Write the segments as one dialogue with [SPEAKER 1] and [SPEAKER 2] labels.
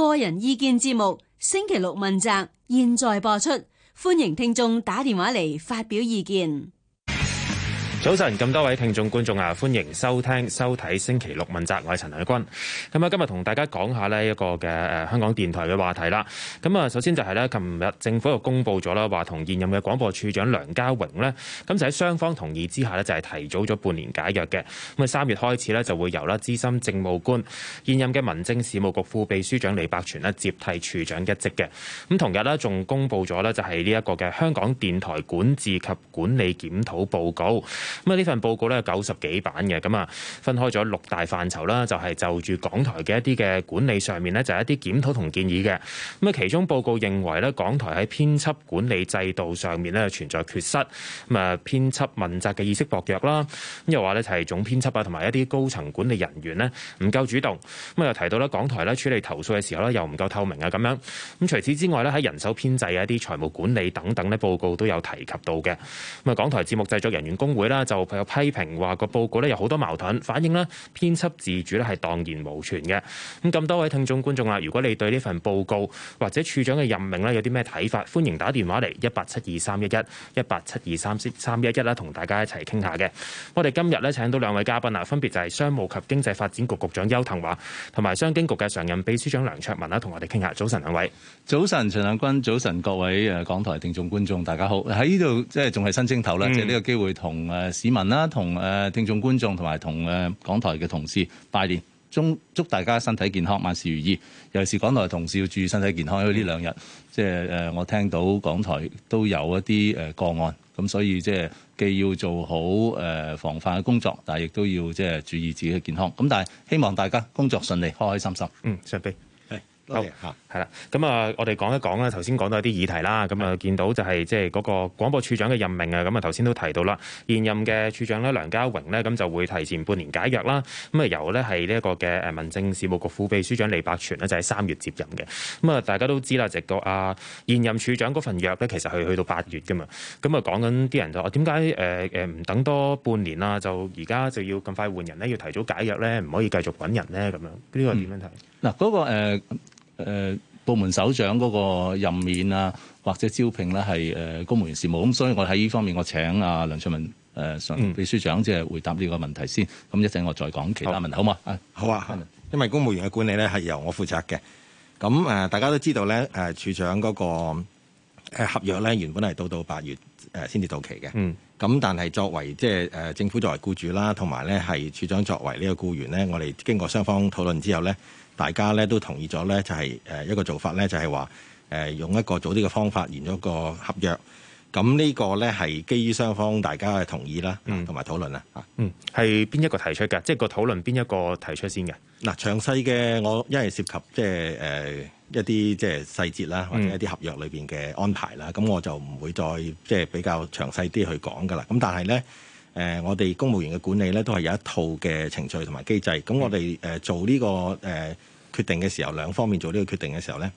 [SPEAKER 1] 個人意見節目，星期六問責，現在播出，歡迎聽眾打電話嚟發表意見。
[SPEAKER 2] 早晨，咁多位聽眾觀眾啊，歡迎收聽收睇《星期六問責》，我係陳良君。咁啊，今日同大家講下呢一個嘅誒香港電台嘅話題啦。咁啊，首先就係咧，琴日政府又公布咗啦，話同現任嘅廣播處長梁家榮咧，咁就喺雙方同意之下咧，就係提早咗半年解約嘅。咁啊，三月開始咧就會由啦資深政務官現任嘅民政事務局副秘書長李百全咧接替處長一職嘅。咁同日咧仲公布咗咧就係呢一個嘅香港電台管治及管理檢討報告。咁啊！呢份報告咧有九十幾版嘅，咁啊分開咗六大範疇啦，就係就住港台嘅一啲嘅管理上面呢，就係一啲檢討同建議嘅。咁啊，其中報告認為呢港台喺編輯管理制度上面呢存在缺失，咁啊編輯問責嘅意識薄弱啦，又話就係總編輯啊同埋一啲高層管理人員呢唔夠主動，咁啊又提到呢港台呢處理投訴嘅時候咧又唔夠透明啊咁樣。咁除此之外呢喺人手編制啊、一啲財務管理等等咧，報告都有提及到嘅。咁啊，港台節目製作人員工會啦。就有批評話個報告咧有好多矛盾，反映咧編輯自主咧係蕩然無存嘅。咁咁多位聽眾觀眾啊，如果你對呢份報告或者處長嘅任命呢，有啲咩睇法，歡迎打電話嚟一八七二三一一一八七二三三一一啦，同大家一齊傾下嘅。我哋今日咧請到兩位嘉賓啊，分別就係商務及經濟發展局局長邱騰華，同埋商經局嘅常任秘
[SPEAKER 3] 書長梁卓文啦，同我哋傾下。早晨兩位，早晨陳亮君，早晨各位誒港台聽眾觀眾，大家好。喺呢度即係仲係新正頭啦，嗯，借呢個機會同誒，市民啦，同誒聽眾觀眾，同埋同誒港台嘅同事拜年，祝祝大家身體健康，萬事如意。尤其是港台同事要注意身體健康，因為呢兩日即係誒，我聽到港台都有一啲誒個案，咁所以即係既要做好誒防範嘅工作，但係亦都要即係注意自己嘅健康。咁但係希望大家工作順利，開開心心。嗯，石碧，
[SPEAKER 4] 係多謝
[SPEAKER 2] 嚇。係啦，咁啊，我哋講一講咧。頭先講到有啲議題啦，咁啊，見到就係即係嗰個廣播處長嘅任命啊。咁啊，頭先都提到啦，現任嘅處長咧梁家榮咧，咁就會提前半年解約啦。咁啊，由咧係呢一個嘅誒民政事務局副秘書長李百全咧，就係、是、三月接任嘅。咁啊，大家都知啦，直覺啊，現任處長嗰份約咧，其實係去到八月㗎嘛。咁啊，講緊啲人就話：點解誒誒唔等多半年啊？就而
[SPEAKER 3] 家就要咁快換人咧？要提早解約咧？唔可以繼續揾人咧？咁樣呢、嗯那個點樣睇？嗱、呃，嗰個誒部門首長嗰個任免啊，或者招聘咧係誒公務員事務，咁所以我喺呢方面我請阿梁卓文常秘書長即係回答呢個問題先，咁一陣我再講其他問題好，
[SPEAKER 4] 好嗎？好啊，因為公務員嘅管理咧係由我負責嘅，咁誒大家都知道咧誒處長嗰個誒合約咧原本係到到八月。誒先至到期嘅，咁但係作為即係誒政府作為僱主啦，同埋咧係處長作為呢個僱員咧，我哋經過雙方討論之後咧，大家咧都同意咗咧，就係誒一個做法咧，就係話誒用一個早啲嘅方法，延咗個合約。咁呢個呢，係基於雙方大家嘅同意啦，同埋討論啦，嗯，係邊一個提出嘅？即係個討論邊一個提出先嘅？嗱，詳細嘅我因為涉及即係一啲即係細節啦，或者一啲合約裏面嘅安排啦，咁我就唔會再即係比較詳細啲去講噶啦。咁但係呢，我哋公務員嘅管理呢，都係有一套嘅程序同埋機制。咁我哋做呢個誒決定嘅時候，兩方面做呢個決定嘅時候呢。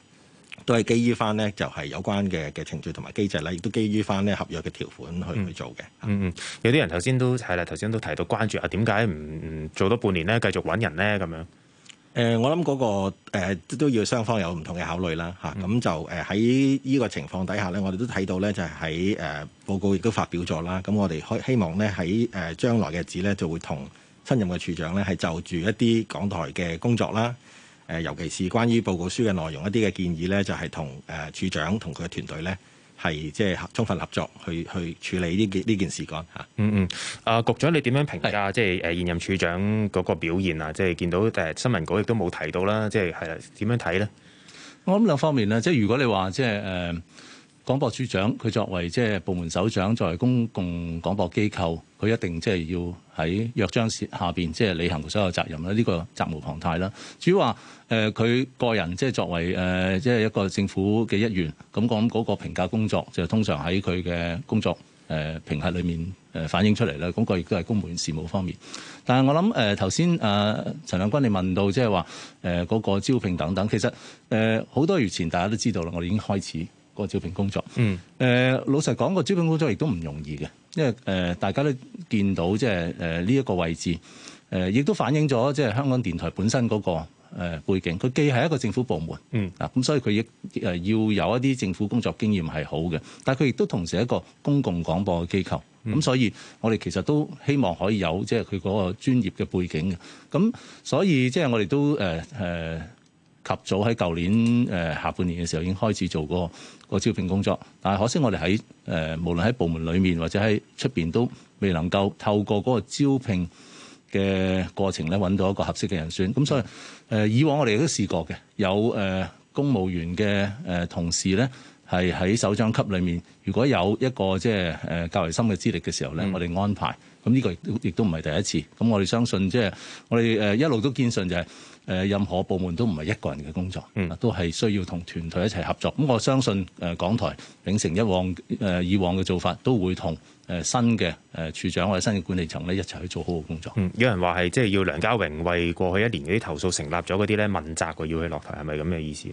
[SPEAKER 4] 都係基於翻咧，就係有關嘅嘅程序同埋機制咧，亦都基於翻咧合約嘅條款去去做嘅。嗯嗯，有啲人頭先都係啦，頭先都提到關
[SPEAKER 2] 注啊，點解唔做多半年咧，繼續揾人咧咁樣？
[SPEAKER 4] 誒、呃，我諗嗰、嗰個、呃、都要雙方有唔同嘅考慮啦嚇。咁、啊、就誒喺呢個情況底下咧，我哋都睇到咧，就係喺誒報告亦都發表咗啦。咁我哋希希望咧喺誒將來嘅日子咧，就會同新任嘅處長咧係就住一啲港台嘅工作啦。誒，尤其是關於報告書嘅內容一啲嘅建議咧，就係同誒處長同佢嘅團隊咧，係即係充分合作去去處理呢件呢件事幹嚇。嗯
[SPEAKER 2] 嗯，啊，局長你點樣評價即係誒現任處長嗰個表現啊？即係見到誒新聞稿亦都冇提到啦，即係係啦，
[SPEAKER 3] 點樣睇咧？我諗兩方面啦，即係如果你話即係誒。呃廣播處長佢作為即係部門首長，作為公共廣播機構，佢一定即係要喺約章下邊即係履行所有責任啦。呢、這個責無旁貸啦。至於話誒，佢個人即係作為誒，即係一個政府嘅一員咁講，嗰、那個評價工作就通常喺佢嘅工作誒評核裏面誒反映出嚟啦。咁、那個亦都係公務員事務方面。但係我諗誒，頭先誒陳亮君你問到即係話誒嗰個招聘等等，其實誒好、呃、多月前大家都知道啦，我哋已經開始。個招聘工作，誒、嗯、老實講，個招聘工作亦都唔容易嘅，因為誒大家都見到即係誒呢一個位置，誒亦都反映咗即係香港電台本身嗰個誒背景，佢既係一個政府部門，嗯啊，咁所以佢亦誒要有一啲政府工作經驗係好嘅，但係佢亦都同時係一個公共廣播嘅機構，咁所以我哋其實都希望可以有即係佢嗰個專業嘅背景嘅，咁所以即係我哋都誒誒。呃呃及早喺舊年誒、呃、下半年嘅時候已經開始做過、嗰個招聘工作，但係可惜我哋喺誒無論喺部門裡面或者喺出邊都未能夠透過嗰個招聘嘅過程咧揾到一個合適嘅人選，咁所以誒、呃、以往我哋都試過嘅，有誒、呃、公務員嘅誒、呃、同事咧。係喺首長級裡面，如果有一個即係誒較為深嘅資歷嘅時候咧、嗯，我哋安排。咁呢個亦都亦都唔係第一次。咁我哋相信、就係，即係我哋誒一路都堅信、就係，就係誒任何部門都唔係一個人嘅工作，嗯、都係需要同團隊一齊合作。咁我相信誒港台秉承一往誒、呃、以往嘅做法，都會同誒新嘅誒處長或者新嘅管理層咧一齊去做好嘅工作。嗯、
[SPEAKER 2] 有人話係即係要梁家榮為過去一年嗰啲投訴成立咗嗰啲咧問責，要去落台，
[SPEAKER 3] 係咪咁嘅意思？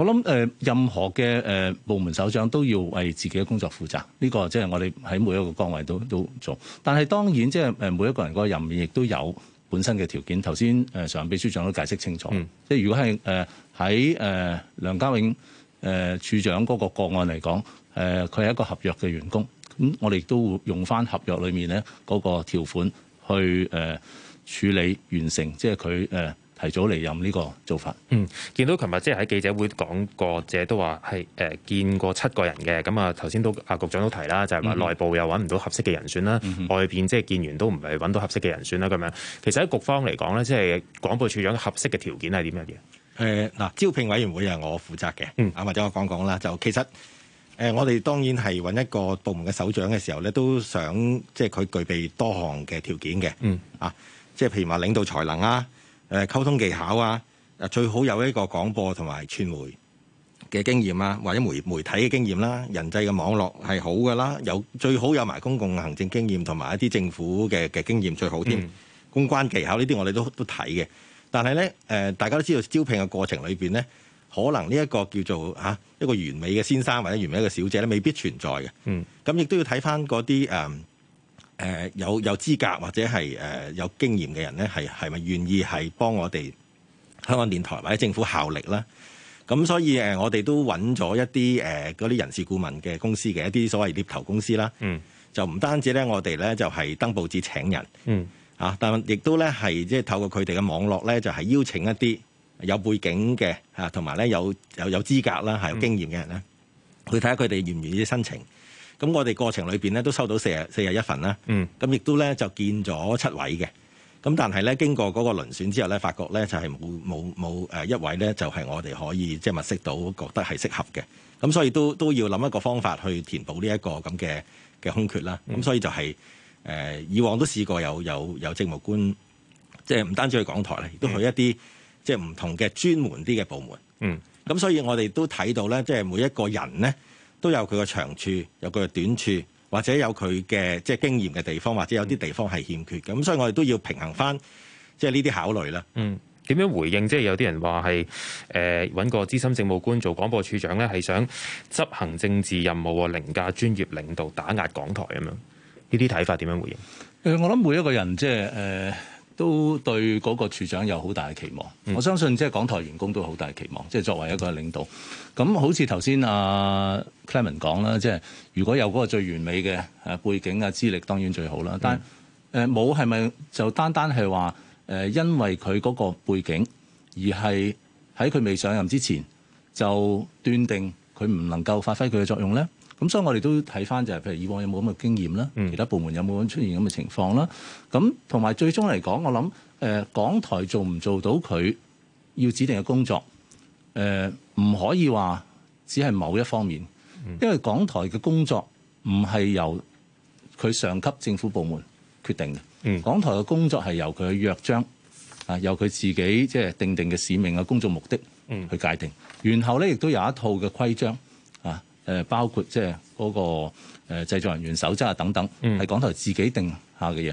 [SPEAKER 3] 我諗誒、呃，任何嘅誒、呃、部門首長都要為自己嘅工作負責，呢、這個即係我哋喺每一個崗位都都做。但係當然即係誒每一個人個任免亦都有本身嘅條件。頭先誒常任秘書長都解釋清楚，即、嗯、係如果係誒喺誒梁家永誒、呃、處長嗰個個案嚟講，誒佢係一個合約嘅員工，咁我哋亦都會用翻合約裏面咧嗰個條款去誒、呃、處理完成，即係佢誒。呃提早離任呢個做法，嗯，
[SPEAKER 2] 見到琴日即係喺記者會講過，即係都話係誒見過七個人嘅。咁啊，頭先都阿局長都提啦，就係、是、話內部又揾唔到合適嘅人選啦、嗯，外邊即係見完都唔係揾到合適嘅人選啦。咁樣其實喺局方嚟講咧，即係廣播處長合適嘅條件係點樣嘅？誒、
[SPEAKER 4] 呃、嗱、呃，招聘委員會係我負責嘅，啊或者我講講啦，就其實誒、呃、我哋當然係揾一個部門嘅首長嘅時候咧，都想即係佢具備多項嘅條件嘅，嗯啊，即係譬如話領導才能啊。誒溝通技巧啊，誒最好有一個廣播同埋傳媒嘅經驗啊，或者媒媒體嘅經驗啦，人際嘅網絡係好㗎啦，有最好有埋公共行政經驗同埋一啲政府嘅嘅經驗最好添、嗯。公關技巧呢啲我哋都都睇嘅，但係咧誒大家都知道招聘嘅過程裏邊咧，可能呢一個叫做嚇、啊、一個完美嘅先生或者完美嘅小姐咧，未必存在嘅。嗯，咁亦都要睇翻嗰啲誒。呃誒、呃、有有資格或者係誒、呃、有經驗嘅人咧，係係咪願意係幫我哋香港電台或者政府效力咧？咁所以誒，我哋都揾咗一啲誒嗰啲人事顧問嘅公司嘅一啲所謂獵頭公司啦，嗯，就唔單止咧，我哋咧就係、是、登報紙請人，嗯，啊，但亦都咧係即係透過佢哋嘅網絡咧，就係、是、邀請一啲有背景嘅啊，同埋咧有又有，有資格啦，係有經驗嘅人咧、嗯，去睇下佢哋願唔願意申請。咁我哋過程裏邊咧都收到四十、四十一份啦，咁、嗯、亦都咧就見咗七位嘅，咁但係咧經過嗰個輪選之後咧，發覺咧就係冇冇冇誒一位咧就係、是、我哋可以即係、就是、物色到覺得係適合嘅，咁所以都都要諗一個方法去填補呢一個咁嘅嘅空缺啦。咁、嗯、所以就係、是、誒、呃、以往都試過有有有政務官，即係唔單止去港台咧，亦、嗯、都去一啲即係唔同嘅專門啲嘅部門。嗯，咁所以我哋都睇到咧，即、就、係、是、每一個人咧。都有佢嘅長處，有佢嘅短處，或者有佢嘅即係經驗嘅地方，或者有啲地方係欠缺嘅。咁所以我哋都要平衡返，即係呢啲考慮啦。嗯，點樣回應即係有啲人話係
[SPEAKER 2] 誒揾個資深政務官做廣播處長咧，係想執行政治任務、凌駕專業領導、打壓港台咁樣？呢啲睇法點樣回應？
[SPEAKER 3] 誒、呃，我諗每一個人即係誒。呃都對嗰個處長有好大嘅期望，我相信即係港台員工都好大嘅期望。即係作為一個領導，咁好似頭先阿 Clement 講啦，即係如果有嗰個最完美嘅、啊、背景啊資歷，當然最好啦。但係冇係咪就單單係話、呃、因為佢嗰個背景而係喺佢未上任之前就斷定佢唔能夠發揮佢嘅作用咧？咁所以我哋都睇翻就係，譬如以往有冇咁嘅經驗啦，其他部門有冇咁出現咁嘅情況啦？咁同埋最終嚟講，我諗、呃、港台做唔做到佢要指定嘅工作，誒、呃、唔可以話只係某一方面，因為港台嘅工作唔係由佢上級政府部門決定嘅、嗯。港台嘅工作係由佢嘅約章啊，由佢自己即係、就是、定定嘅使命啊、工作目的去界定，嗯、然後咧亦都有一套嘅規章。誒包括即係嗰個誒製作人員守則啊等等，係、嗯、港台自己定下嘅嘢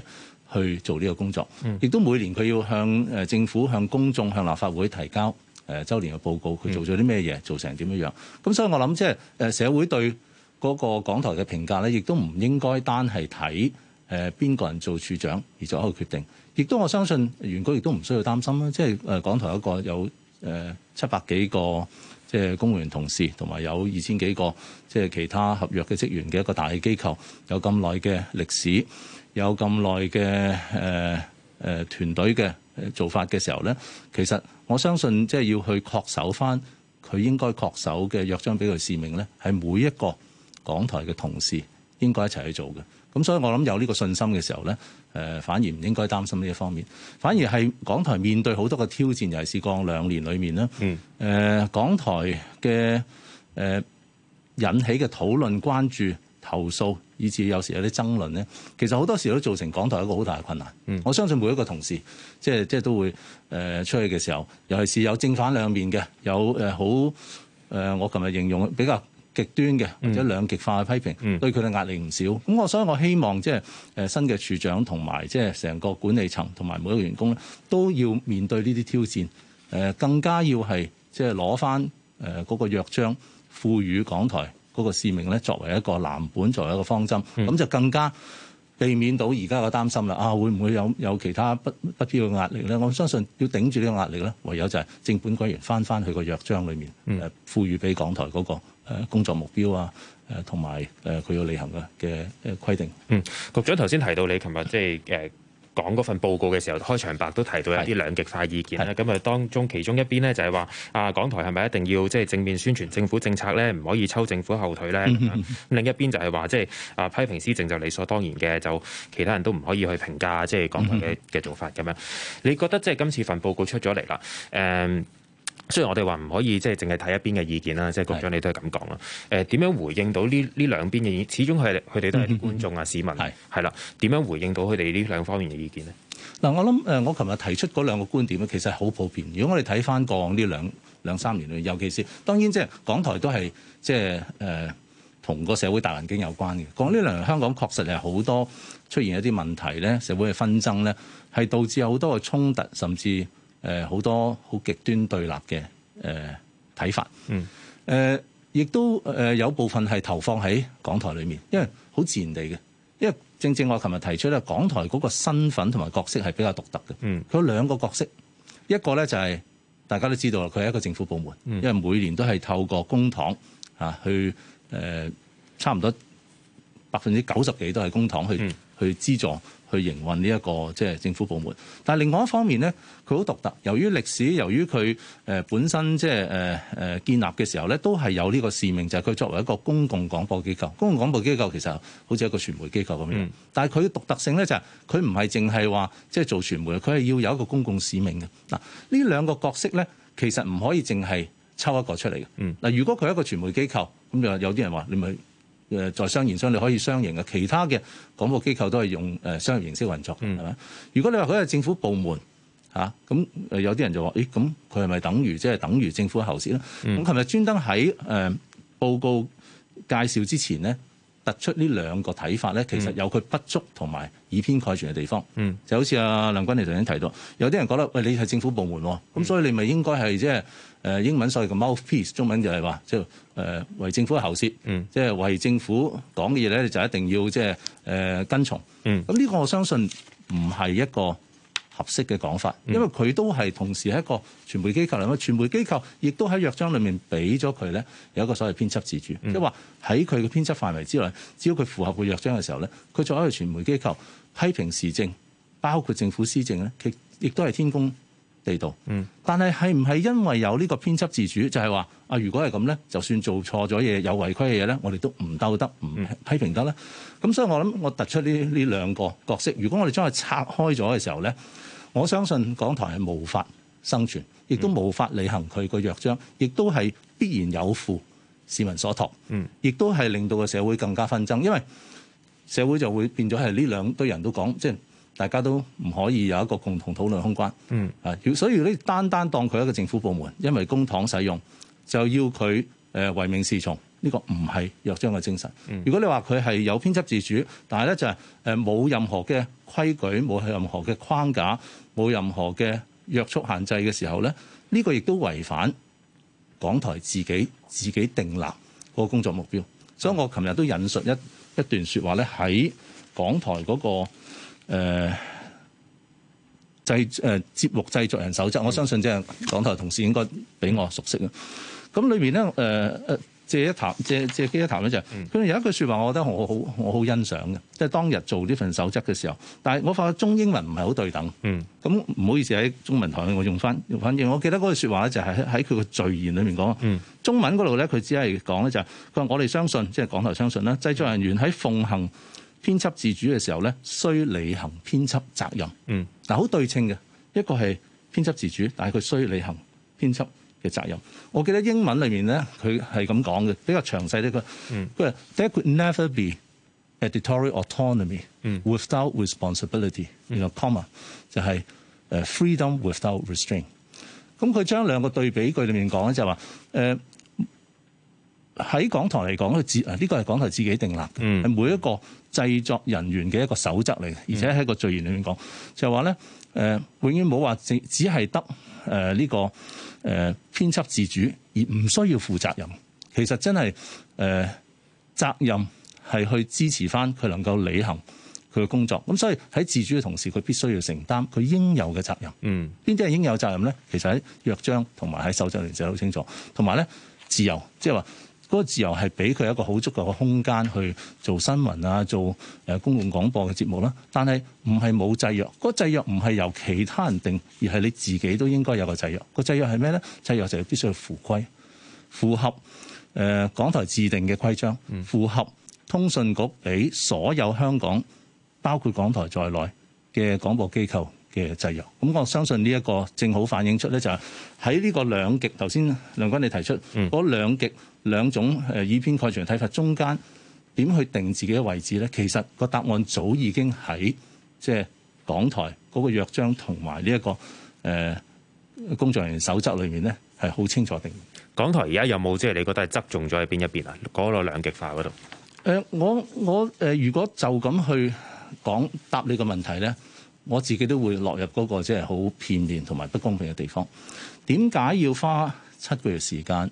[SPEAKER 3] 去做呢個工作，亦、嗯、都每年佢要向誒政府、向公眾、向立法會提交誒周年嘅報告，佢做咗啲咩嘢，做成點樣樣。咁所以我諗即係誒社會對嗰個港台嘅評價咧，亦都唔應該單係睇誒邊個人做處長而做一個決定。亦都我相信原告亦都唔需要擔心啦，即係誒港台有一個有誒、呃、七百幾個。即係公務員同事，同埋有二千幾個即係其他合約嘅職員嘅一個大機構，有咁耐嘅歷史，有咁耐嘅誒誒團隊嘅做法嘅時候呢，其實我相信即係要去確守返佢應該確守嘅約章，俾佢使命呢，係每一個港台嘅同事應該一齊去做嘅。咁所以，我諗有呢個信心嘅時候咧，反而唔應該擔心呢一方面，反而係港台面對好多嘅挑戰，尤其是過去兩年裏面啦、嗯呃。港台嘅、呃、引起嘅討論、關注、投訴，以至有時有啲爭論咧，其實好多時候都造成港台一個好大嘅困難。嗯、我相信每一個同事，即係即係都會、呃、出去嘅時候，尤其是有正反兩面嘅，有好、呃呃、我琴日形容比較。極端嘅或者兩極化嘅批評，嗯、對佢哋壓力唔少。咁我所以我希望即係誒新嘅處長同埋即係成個管理層同埋每一個員工咧，都要面對呢啲挑戰。誒更加要係即係攞翻誒嗰個約章，賦予港台嗰個使命咧，作為一個藍本，作為一個方針，咁、嗯、就更加。避免到而家個擔心啦！啊，會唔會有有其他不不必要嘅壓力咧？我相信要頂住呢個壓力咧，唯有就係正本歸原返返去個約章裏面，誒、嗯，賦予俾港台嗰個工作目標啊，誒同埋誒佢要履行嘅嘅規定。嗯，
[SPEAKER 2] 局長頭先提到你、就
[SPEAKER 3] 是，琴日即係。
[SPEAKER 2] 講嗰份報告嘅時候，開場白都提到一啲兩極化意見咧。咁啊，當中其中一邊呢，就係話啊，港台係咪一定要即係正面宣傳政府政策咧，唔可以抽政府後腿咧？咁 另一邊就係話即係啊，批評施政就理所當然嘅，就其他人都唔可以去評價即係、就是、港台嘅嘅做法咁樣。你覺得即係今次份報告出咗嚟啦，誒、嗯。雖然我哋話唔可以即係淨係睇一邊嘅意見啦，即係局長你都係咁講啦。點樣回應到呢呢兩邊嘅意見？始終佢佢哋都係啲觀眾啊，市民係啦。點 樣回應到佢哋呢兩方面嘅意見呢？
[SPEAKER 3] 嗱，我諗我琴日提出嗰兩個觀點咧，其實係好普遍。如果我哋睇翻過去呢兩,兩三年嚟，尤其是當然即係港台都係即係同個社會大環境有關嘅。講呢兩年香港確實係好多出現一啲問題咧，社會嘅紛爭咧，係導致有好多嘅衝突，甚至。誒、呃、好多好極端對立嘅誒睇法，誒、呃、亦都誒、呃、有部分係投放喺港台裏面，因為好自然地嘅，因為正正我琴日提出咧，港台嗰個身份同埋角色係比較獨特嘅。嗯，佢有兩個角色，一個咧就係、是、大家都知道啦，佢係一個政府部門，因為每年都係透過公帑、啊、去誒、呃，差唔多百分之九十幾都係公帑去。去資助、去營運呢一個即係政府部門，但係另外一方面咧，佢好獨特。由於歷史、由於佢誒本身即係誒誒建立嘅時候咧，都係有呢個使命，就係、是、佢作為一個公共廣播機構。公共廣播機構其實好似一個傳媒機構咁樣，嗯、但係佢嘅獨特性咧就係佢唔係淨係話即係做傳媒，佢係要有一個公共使命嘅。嗱，呢兩個角色咧，其實唔可以淨係抽一個出嚟嘅。嗱，如果佢係一個傳媒機構，咁就有啲人話你咪。誒在商言商你可以商營嘅，其他嘅廣播機構都係用誒商業形式運作，係嘛、嗯？如果你話佢啲係政府部門嚇咁，啊、有啲人就話：咦、哎，咁佢係咪等於即係、就是、等於政府喉舌？嗯咧？咁琴日專登喺誒報告介紹之前咧。突出呢兩個睇法咧，其實有佢不足同埋以偏概全嘅地方。嗯，就好似啊梁君彥頭先提到，有啲人覺得，喂你係政府部門，咁、嗯、所以你咪應該係即、呃、英文所謂嘅 mouthpiece，中文就係話即係為政府嘅喉舌。嗯，即、就、係、是、為政府講嘅嘢咧，你就一定要即係、呃、跟從。嗯，咁呢個我相信唔係一個合適嘅講法，因為佢都係同時係一個傳媒機構嚟，咁傳媒機構亦都喺約章裏面俾咗佢咧，有一個所謂編輯自主，即係話喺佢嘅編輯範圍之內，只要佢符合個約章嘅時候咧，佢作為一個傳媒機構批評時政，包括政府施政咧，亦亦都係天公地道。嗯，但係係唔係因為有呢個編輯自主，就係、是、話啊？如果係咁咧，就算做錯咗嘢、有違規嘅嘢咧，我哋都唔兜得，唔批評得咧。咁、嗯、所以我諗我突出呢呢兩個角色。如果我哋將佢拆開咗嘅時候咧，我相信港台係無法生存，亦都無法履行佢個約章，亦都係必然有負市民所託，嗯，亦都係令到個社會更加紛爭，因為社會就會變咗係呢兩堆人都講，即係大家都唔可以有一個共同討論空間，嗯，啊，所以呢單單當佢一個政府部門，因為公帑使用，就要佢誒唯命是從。呢、呢個唔係約章嘅精神。如果你話佢係有編輯自主，但係咧就係誒冇任何嘅規矩，冇任何嘅框架，冇任何嘅約束限制嘅時候咧，呢、呢個亦都違反港台自己自己定立個工作目標。所以我琴日都引述一一段説話咧，喺港台嗰、嗰個誒製誒節目製作人守則，我相信即係港台同事應該比我熟悉啊。咁裏面咧誒誒。呃呃借一談，借借佢一談咧就係、是，佢、嗯、有一句説話，我覺得我好我好欣賞嘅，即、就、係、是、當日做呢份守則嘅時候。但係我發覺中英文唔係好對等。咁、嗯、唔好意思喺中文台我用翻，反正我記得嗰句説話咧就係喺佢個序言裏面講、嗯。中文嗰度咧佢只係講咧就係佢話我哋相信，即、就、係、是、港台相信啦。製作人員喺奉行編輯自主嘅時候咧，需履行編輯責任。嗱、嗯、好對稱嘅，一個係編輯自主，但係佢需履行編輯嘅責任，我記得英文裏面咧，佢係咁講嘅，比較詳細啲。佢話：There could never be editorial autonomy without responsibility、mm. 這個。然後，comma 就係、是、freedom without restraint。咁佢將兩個對比句裏面講咧，就係話誒喺港台嚟講咧，自啊呢個係港台自己定立嘅，係、mm. 每一個製作人員嘅一個守則嚟嘅，而且喺個序言裏面講，就話咧、呃、永遠冇話只只係得。誒、呃，呢、這個誒編輯自主而唔需要負責任，其實真係誒、呃、責任係去支持翻佢能夠履行佢嘅工作。咁所以喺自主嘅同時，佢必須要承擔佢應有嘅責任。嗯，邊啲係應有責任咧？其實喺約章同埋喺守則裏邊好清楚。同埋咧，自由即係話。就是說嗰個自由係俾佢一個好足夠嘅空間去做新聞啊，做誒公共廣播嘅節目啦。但係唔係冇制約，個制約唔係由其他人定，而係你自己都應該有個制約。個制約係咩呢？制約就係必須要符規、符合誒、呃、港台自定嘅規章，符合通訊局俾所有香港包括港台在內嘅廣播機構嘅制約。咁我相信呢一個正好反映出呢，就係喺呢個兩極。頭先梁君你提出嗰、嗯、兩極。兩種誒以偏概全嘅睇法中間點去定自己嘅位置咧？其實個答案早已經喺即係港台嗰個約章同埋呢一個誒工作人員守則裏面咧，係好清楚定。
[SPEAKER 2] 港台而家有冇即係你覺得係側重咗喺邊一邊啊？嗰個兩極化嗰度？
[SPEAKER 3] 誒、呃，我我誒、呃，如果就咁去講答你個問題咧，我自己都會落入嗰個即係好片面同埋不公平嘅地方。點解要花七個月時間誒？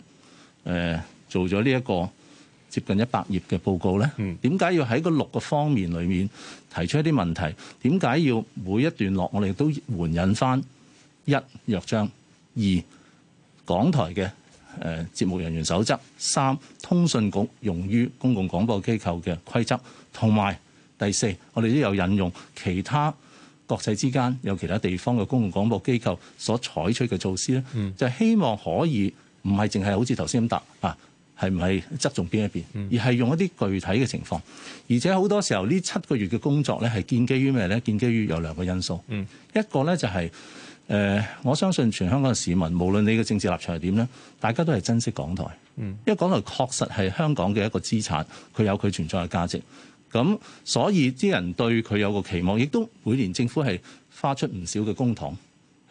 [SPEAKER 3] 呃做咗呢一個接近一百頁嘅報告咧，點解要喺個六個方面裏面提出一啲問題？點解要每一段落我哋都援引翻一約章、二港台嘅誒、呃、節目人員守則、三通訊局用於公共廣播機構嘅規則，同埋第四我哋都有引用其他國際之間有其他地方嘅公共廣播機構所採取嘅措施咧，嗯、就希望可以唔係淨係好似頭先咁答啊。係唔係側重邊一邊？而係用一啲具體嘅情況，而且好多時候呢七個月嘅工作呢係建基於咩呢？建基於有兩個因素。嗯、一個呢就係、是呃、我相信全香港嘅市民，無論你嘅政治立場係點呢，大家都係珍惜港台、嗯，因為港台確實係香港嘅一個資產，佢有佢存在嘅價值。咁所以啲人對佢有個期望，亦都每年政府係花出唔少嘅公帑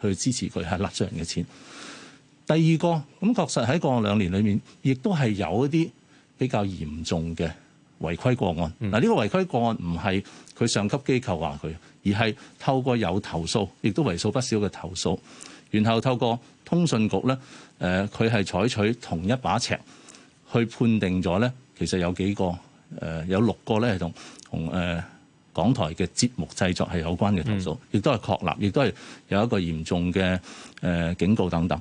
[SPEAKER 3] 去支持佢，係納稅人嘅錢。第二個咁，確實喺過去兩年裏面，亦都係有一啲比較嚴重嘅違規個案。嗱、嗯，呢、這個違規個案唔係佢上級機構話佢，而係透過有投訴，亦都為數不少嘅投訴，然後透過通訊局咧，誒佢係採取同一把尺去判定咗咧。其實有幾個誒、呃、有六個咧，係同同誒港台嘅節目製作係有關嘅投訴、嗯，亦都係確立，亦都係有一個嚴重嘅誒、呃、警告等等。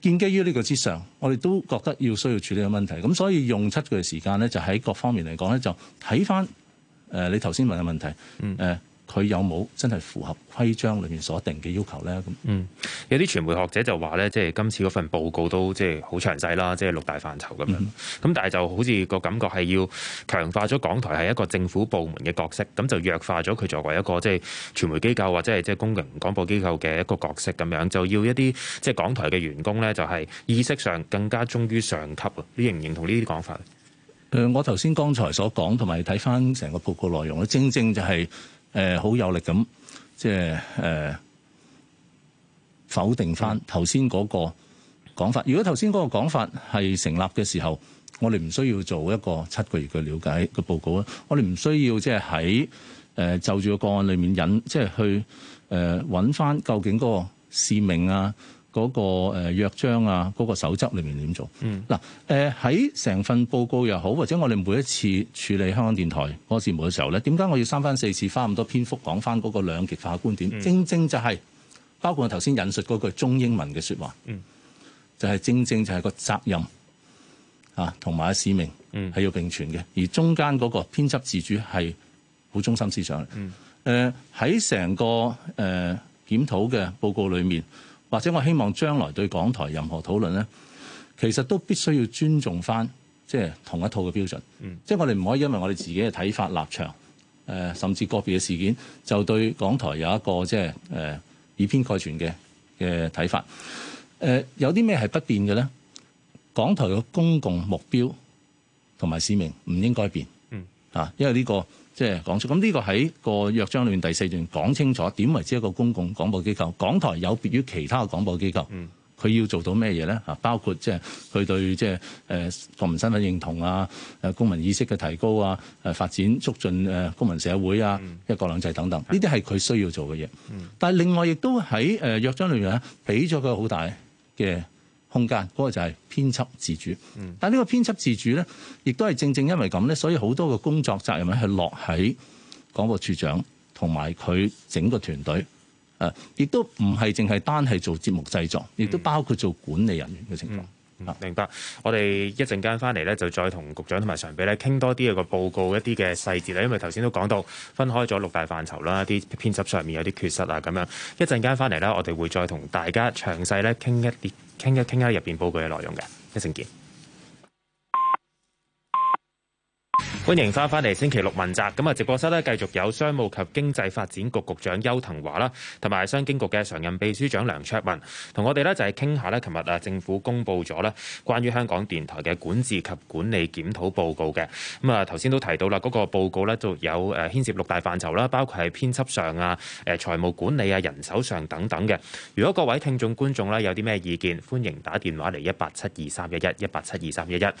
[SPEAKER 3] 建基於呢個之上，我哋都覺得要需要處理嘅問題，咁所以用七個月時間咧，就喺各方面嚟講咧，就睇返誒你頭先問嘅問題，嗯佢有冇真係符合規章裏面所定嘅要求咧？咁嗯，
[SPEAKER 2] 有啲傳媒學者就話呢，即係今次嗰份報告都即係好詳細啦，即係六大範疇咁樣。咁、嗯、但係就好似個感覺係要強化咗港台係一個政府部門嘅角色，咁就弱化咗佢作為一個即係傳媒機構或者係即係公營廣播機構嘅一個角色咁樣，就要一啲即係港台嘅員工呢，就係意識上更加忠於上級啊。你認唔認同呢啲講法？
[SPEAKER 3] 誒，我頭先剛才所講同埋睇翻成個報告內容咧，正正就係、是。誒、呃、好有力咁，即係誒、呃、否定翻頭先嗰個講法。如果頭先嗰個講法係成立嘅時候，我哋唔需要做一個七個月嘅了解嘅報告啊！我哋唔需要即係喺、呃、就住個個案裏面引，即係去誒揾翻究竟嗰個使命啊。嗰、那個誒約章啊，嗰、那個守則裏面點做？嗱喺成份報告又好，或者我哋每一次處理香港電台嗰、那個事務嘅時候咧，點解我要三番四次花咁多篇幅講翻嗰個兩極化觀點、嗯？正正就係、是、包括我頭先引述嗰句中英文嘅說話話，嗯、就係、是、正正就係個責任啊，同埋使命係要並存嘅、嗯。而中間嗰個編輯自主係好中心思想。喺、嗯、成、呃、個誒、呃、檢討嘅報告裏面。或者我希望將來對港台任何討論咧，其實都必須要尊重返，即係同一套嘅標準。嗯、即係我哋唔可以因為我哋自己嘅睇法立場，呃、甚至個別嘅事件，就對港台有一個即係、呃、以偏概全嘅嘅睇法。呃、有啲咩係不變嘅咧？港台嘅公共目標同埋使命唔應該變。啊、嗯，因為呢、這個。即係講出，咁呢個喺個約章裏面第四段講清楚，點為之一個公共廣播機構？港台有別於其他嘅廣播機構，佢、嗯、要做到咩嘢咧？啊，包括即係佢對即係誒國民身份認同啊、誒、呃、公民意識嘅提高啊、誒、呃、發展促進誒、呃、公民社會啊、嗯、一國兩制等等，呢啲係佢需要做嘅嘢、嗯。但係另外亦都喺誒、呃、約章裏面咧，俾咗佢好大嘅空間嗰個就係編輯自主，但係呢個編輯自主咧，亦都係正正因為咁咧，所以好多嘅工作責任咧係落喺廣播處長同埋佢整個團隊誒，亦都唔係淨係單係做節目製作，亦都包括做管理人員嘅情況。
[SPEAKER 2] 明白。我哋一陣間翻嚟咧，就再同局長同埋常秘咧傾多啲嘅個報告一啲嘅細節啦。因為頭先都講到分開咗六大範疇啦，啲編輯上面有啲缺失啊咁樣。一陣間翻嚟咧，我哋會再同大家詳細咧傾一啲傾一傾咧入面報告嘅內容嘅一陣見。歡迎翻返嚟星期六問責咁啊！直播室呢繼續有商務及經濟發展局局長邱騰華啦，同埋商經局嘅常任秘書長梁卓文，同我哋呢，就係傾下呢。琴日啊政府公布咗呢關於香港電台嘅管治及管理檢討報告嘅。咁啊頭先都提到啦，嗰個報告呢就有誒牽涉六大範疇啦，包括係編輯上啊、誒財務管理啊、人手上等等嘅。如果各位聽眾觀眾呢有啲咩意見，歡迎打電話嚟一八七二三一一一八七二三一一咁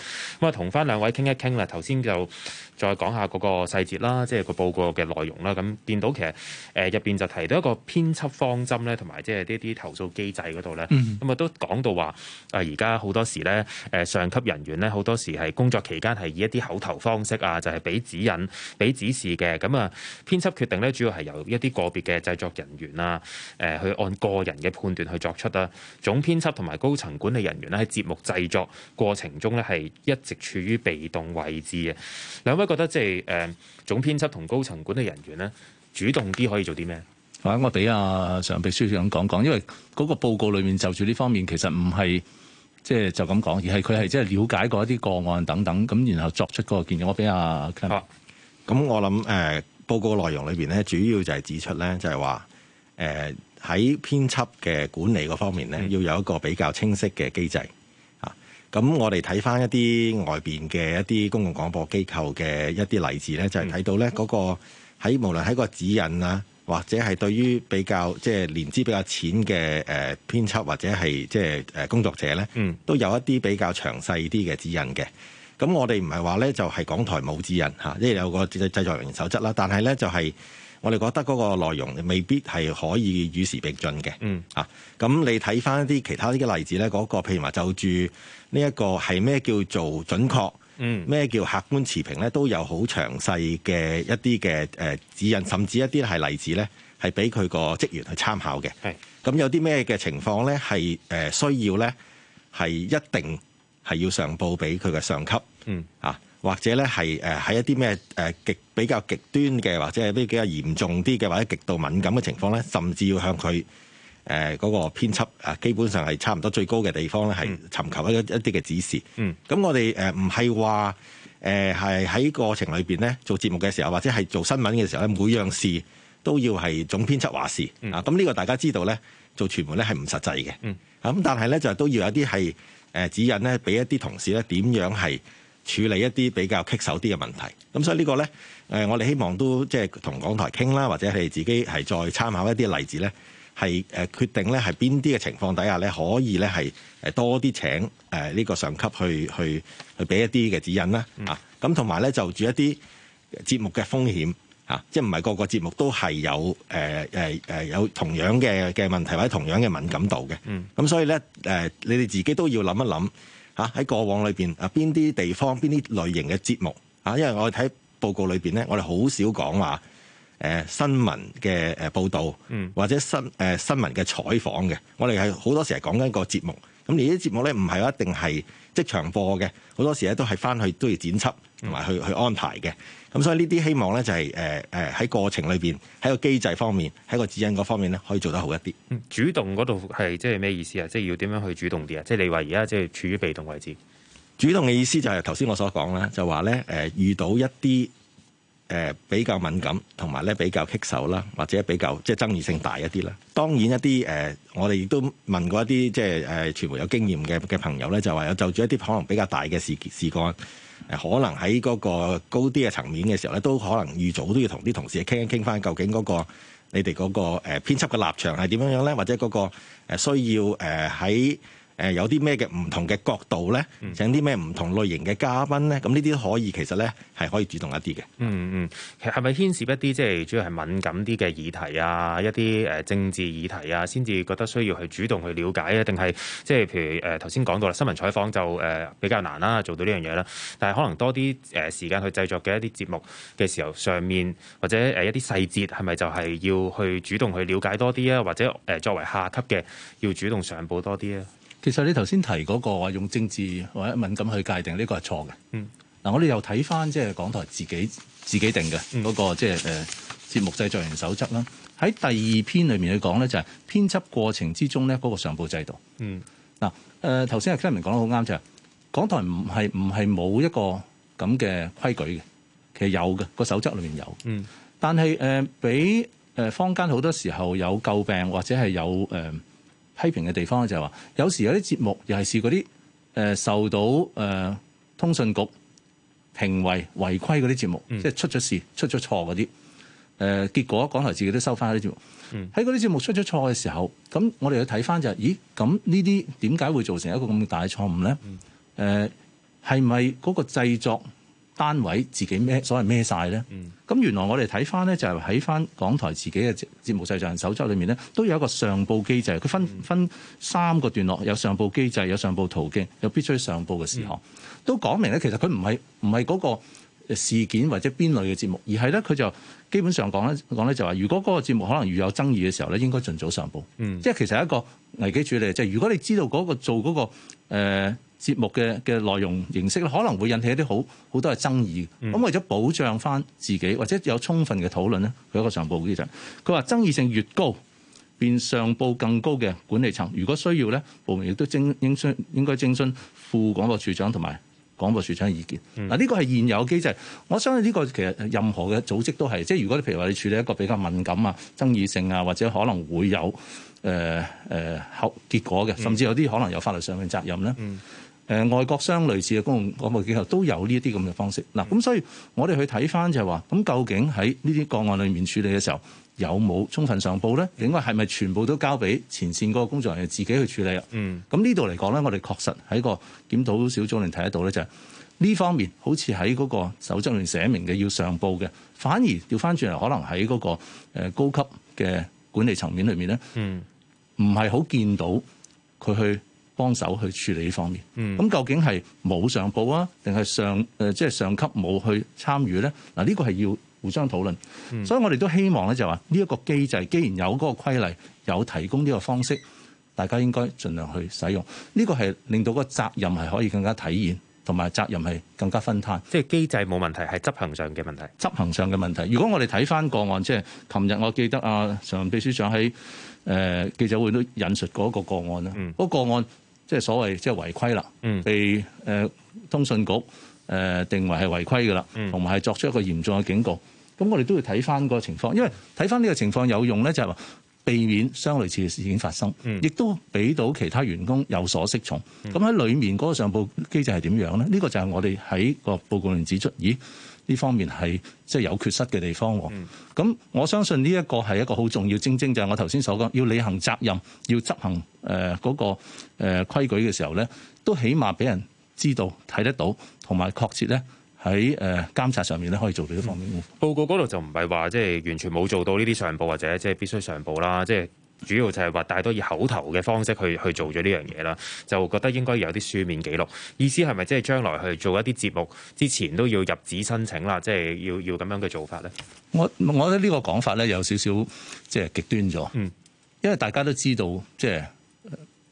[SPEAKER 2] 啊，同翻兩位傾一傾啦。頭先就。再講下嗰個細節啦，即係個報告嘅內容啦。咁見到其實誒入邊就提到一個編輯方針咧，同埋即係呢啲投訴機制嗰度咧，咁、嗯、啊都講到話誒而家好多時咧誒、呃、上級人員咧好多時係工作期間係以一啲口頭方式啊，就係、是、俾指引、俾指示嘅。咁啊編輯決定咧，主要係由一啲個別嘅製作人員啊，誒、呃、去按個人嘅判斷去作出啦。總編輯同埋高層管理人員咧，喺節目製作過程中咧，係一直處於被動位置嘅。有冇覺得，即係誒總編輯同高層管理人員咧，主動啲可以做啲咩？
[SPEAKER 3] 我俾阿、啊、常秘書長講講，因為嗰個報告裏面就住呢方面其實唔係即係就咁講，而係佢係即係了解過一啲個案等等，咁然後作出個建議。我俾阿
[SPEAKER 4] Ken，咁我諗誒、呃、報告內容裏邊咧，主要就係指出咧，就係話誒喺編輯嘅管理嗰方面咧，要有一個比較清晰嘅機制。咁我哋睇翻一啲外邊嘅一啲公共廣播機構嘅一啲例子咧，就係、是、睇到咧、那、嗰個喺無論喺個指引啊，或者係對於比較即係年資比較淺嘅誒編輯或者係即係誒工作者咧，都有一啲比較詳細啲嘅指引嘅。咁我哋唔係話咧就係港台冇指引嚇即係、就是、有個製作人員守則啦。但係咧就係、是。我哋覺得嗰個內容未必係可以與時並進嘅，嗯啊，咁你睇翻一啲其他啲嘅例子咧，嗰個譬如話就住呢一個係咩叫做準確，嗯咩叫客觀持平咧，都有好詳細嘅一啲嘅誒指引，甚至一啲係例子咧，係俾佢個職員去參考嘅，係。咁有啲咩嘅情況咧，係誒需要咧，係一定係要上報俾佢嘅上級，
[SPEAKER 2] 嗯
[SPEAKER 4] 啊。或者咧係誒喺一啲咩誒極比較極端嘅，或者係啲比較嚴重啲嘅，或者極度敏感嘅情況咧，甚至要向佢誒嗰個編輯基本上係差唔多最高嘅地方咧，係尋求一一啲嘅指示。嗯，咁我哋誒唔係話誒係喺過程裏邊咧做節目嘅時候，或者係做新聞嘅時候咧，每樣事都要係總編輯話事、嗯、啊。咁呢個大家知道咧，做傳媒咧係唔實際嘅。嗯，咁但係咧就都要有啲係誒指引咧，俾一啲同事咧點樣係。處理一啲比較棘手啲嘅問題，咁所以呢個呢，誒我哋希望都即係同港台傾啦，或者係自己係再參考一啲例子呢，係誒決定呢係邊啲嘅情況底下呢，可以呢係誒多啲請誒呢個上級去去去俾一啲嘅指引啦、嗯，啊咁同埋呢，就住一啲節目嘅風險嚇，即係唔係個個節目都係有誒誒誒有同樣嘅嘅問題或者同樣嘅敏感度嘅，咁、嗯、所以呢，誒、呃、你哋自己都要諗一諗。嚇喺過往裏邊啊，邊啲地方邊啲類型嘅節目啊？因為我哋睇報告裏邊咧，我哋好少講話、呃、新聞嘅誒報導，嗯，或者新、呃、新聞嘅採訪嘅，我哋係好多時係講緊個節目。咁呢啲節目咧，唔係一定係即場播嘅，好多時咧都係翻去都要剪輯同埋去去安排嘅。咁所以呢啲希望咧就係誒誒喺過程裏面，喺個機制方面，喺個指引嗰方面咧可以做得好一啲。
[SPEAKER 2] 主動嗰度係即係咩意思啊？即係要點樣去主動啲啊？即係你話
[SPEAKER 4] 而家即係處於被動位置。主動嘅意思就係頭先我所講啦，就話咧誒遇到一啲，誒比較敏感，同埋咧比較棘手啦，或者比較即係爭議性大一啲啦。當然一啲誒，我哋亦都問過一啲即係誒傳媒有經驗嘅嘅朋友咧，就話有就住一啲可能比較大嘅事事幹，誒可能喺嗰個高啲嘅層面嘅時候咧，都可能預早都要同啲同事傾一傾翻，究竟嗰個你哋嗰個誒編輯嘅立場係點樣樣咧，或者嗰個誒需要誒喺。呃呃、有啲咩嘅唔同嘅角度咧？請啲咩唔同類型嘅嘉賓咧？咁呢啲都可以，其實咧係可以主動一啲嘅。嗯
[SPEAKER 2] 嗯，其實係咪牽涉一啲即係主要係敏感啲嘅議題啊？一啲政治議題啊，先至覺得需要去主動去了解啊？定係即係譬如誒頭先講到啦，新聞採訪就、呃、比較難啦、啊，做到呢樣嘢啦。但係可能多啲時間去製作嘅一啲節目嘅時候，上面或者一啲細節係咪就係要去主動去了解多啲啊？或者、呃、作為下級嘅要主動上報多啲啊？
[SPEAKER 3] 其實你頭先提嗰個話用政治或者敏感去界定，呢、這個係錯嘅。嗯，嗱我哋又睇翻即係港台自己自己定嘅嗰、那個即係誒節目製作人守則啦。喺第二篇裏面去講咧就係、是、編輯過程之中咧嗰個上報制度。嗯，嗱誒頭先阿卓文講得好啱就係、是、港台唔係唔係冇一個咁嘅規矩嘅，其實有嘅、那個守則裏面有。嗯，但係誒俾誒坊間好多時候有詬病或者係有誒。呃批評嘅地方咧就係話，有時有啲節目尤其係嗰啲誒受到誒、呃、通訊局評為違規嗰啲節目，嗯、即係出咗事、出咗錯嗰啲。誒、呃，結果港台自己都收翻嗰啲節目。喺嗰啲節目出咗錯嘅時候，咁我哋去睇翻就係、是，咦？咁呢啲點解會造成一個咁大嘅錯誤咧？誒、嗯，係咪嗰個製作？單位自己孭所謂孭晒咧？咁、嗯、原來我哋睇翻咧，就係喺翻港台自己嘅節目製作人手冊裏面咧，都有一個上報機制。佢分分三個段落，有上報機制，有上報途徑，有必須上報嘅事項、嗯，都講明咧。其實佢唔係唔係嗰個事件或者邊類嘅節目，而係咧佢就基本上講咧講咧就話，如果嗰個節目可能如有爭議嘅時候咧，應該盡早上報。嗯、即係其實係一個危機處理即係，就係、如果你知道嗰個做嗰、嗰個、呃節目嘅嘅內容形式咧，可能會引起一啲好好多嘅爭議的。咁、嗯、為咗保障翻自己，或者有充分嘅討論咧，佢一個上報嘅機制。佢話爭議性越高，便上報更高嘅管理層。如果需要咧，部門亦都徵應詢，應該徵詢副廣播處長同埋廣播處長嘅意見。嗱、嗯，呢個係現有嘅機制。我相信呢個其實任何嘅組織都係，即係如果你譬如話你處理一個比較敏感啊、爭議性啊，或者可能會有誒誒、呃呃、後結果嘅，甚至有啲可能有法律上嘅責任咧。嗯嗯誒外國相類似嘅公共廣播機構都有呢一啲咁嘅方式，嗱、嗯、咁所以我哋去睇翻就係話，咁究竟喺呢啲個案裏面處理嘅時候，有冇充分上報咧？另外係咪全部都交俾前線嗰個工作人員自己去處理啊？嗯，咁呢度嚟講咧，我哋確實喺個檢討小組裏睇得到咧、就係，就係呢方面好似喺嗰個守則裏寫明嘅要上報嘅，反而調翻轉嚟，可能喺嗰個誒高級嘅管理層面裏面咧，嗯，唔係好見到佢去。幫手去處理呢方面，咁、嗯、究竟係冇上報啊，定係上誒即係上級冇去參與咧？嗱，呢個係要互相討論、嗯。所以我哋都希望咧，就話呢一個機制，既然有嗰個規例，有提供呢個方式，大家應該盡量去使用。呢、這個係令到個責任係可以更加體現，同埋責任係更加分擔。即係機制冇問題，係執行上嘅問題。執行上嘅問題。如果我哋睇翻個案，即係琴日，我記得啊，常任秘書長喺誒、呃、記者會都引述過一個個案啦。嗰、嗯那個、案。即係所謂即係違規啦，被誒通訊局誒定為係違規嘅啦，同埋係作出一個嚴重嘅警告。咁我哋都要睇翻個情況，因為睇翻呢個情況有用咧，就係話避免相類似嘅事件發生，亦都俾到其他員工有所適從。咁喺裡面嗰個上報機制係點樣咧？呢個就係我哋喺個報告裏面指出，咦？呢方面係即係有缺失嘅地方，咁、嗯、我相信呢一個係一個好重要的，正正就係、是、我頭先所講，要履行責任，要執行誒嗰、呃嗰個誒規、呃、矩嘅時候咧，都起碼俾人知道睇得到，同埋確切咧喺誒監察上面咧可以做到呢方面。
[SPEAKER 2] 嗯、報告嗰度就唔係話即係完全冇做到呢啲上報或者即係必須上報啦，即係。主要就係話大多以口頭嘅方式去去做咗呢樣嘢啦，就覺得應該有啲書面記錄。意思係咪即係將來去做一啲節目之前都要入紙申請啦？
[SPEAKER 3] 即係要要咁樣嘅做法咧？我我覺得呢個講法咧有少少即係極端咗。嗯，因為大家都知道，即係